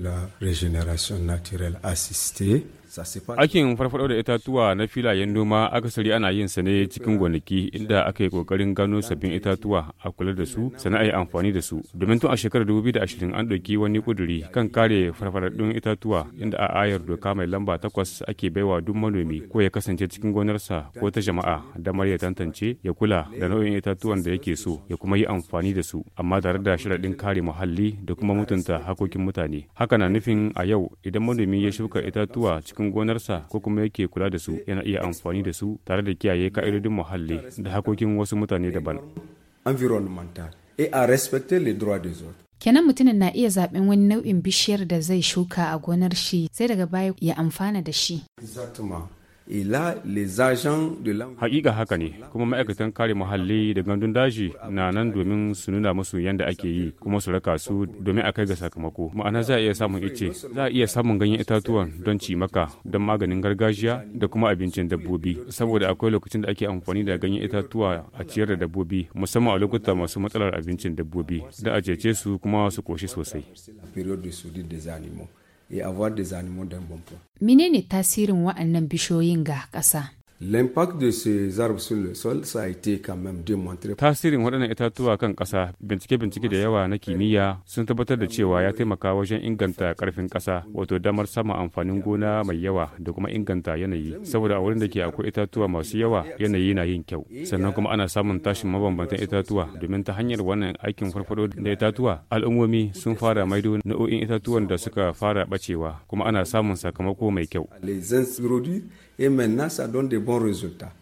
la régénération naturelle assistée Aikin farfado da itatuwa na filayen noma akasari ana yin sa ne cikin gonaki inda aka yi kokarin gano sabbin itatuwa a kula da su sannan a yi amfani da su. Domin tun a shekarar 2020 an ɗauki wani kuduri kan kare farfadaddun itatuwa inda a ayar doka mai lamba takwas ake baiwa duk manomi ko ya kasance cikin gonarsa ko ta jama'a damar ya tantance ya kula da nau'in itatuwan da yake so ya kuma yi amfani da su amma tare da sharaɗin kare muhalli da kuma mutunta hakokin mutane. Haka na nufin a yau idan manomi ya shuka itatuwa cikin cikin gonarsa ko kuma yake kula da su yana iya amfani da su tare da kiyaye ka'idodin muhalli da hakokin wasu mutane daban. kenan mutumin na iya zaben wani nau'in bishiyar da zai shuka a gonar shi sai daga baya ya amfana da shi. Hakika haka ne, kuma ma'aikatan kare muhalli da gandun daji na nan domin su nuna musu yadda ake yi kuma su raka su domin a kai ga sakamako. Ma'ana za a iya samun ice, za a iya samun ganyen itatuwan don cimaka, don maganin gargajiya da kuma abincin dabbobi. Saboda akwai lokacin da ake amfani da ganyen itatuwa a ciyar da dabbobi, musamman a lokuta masu matsalar abincin dabbobi, da a cece su kuma su koshi sosai. et avoir des animaux d'un bon poids. Menene tasirin wa'annan bishiyoyin ga ƙasa? L'impact de ces arbres sur le sol, ça a été quand même démontré. Tasirin waɗannan itatuwa kan ƙasa, bincike-bincike da yawa na kimiyya sun tabbatar da cewa ya taimaka wajen inganta ƙarfin ƙasa, wato damar sama amfanin gona mai yawa da kuma inganta yanayi. Saboda a wurin da ke akwai itatuwa masu yawa, yanayi na yin kyau. Sannan kuma ana samun tashin mabambantan itatuwa domin ta hanyar wannan aikin farfado da itatuwa, al'ummomi sun fara maido nau'o'in itatuwan da suka fara bacewa, kuma ana samun sakamako mai kyau. Les bom resultado.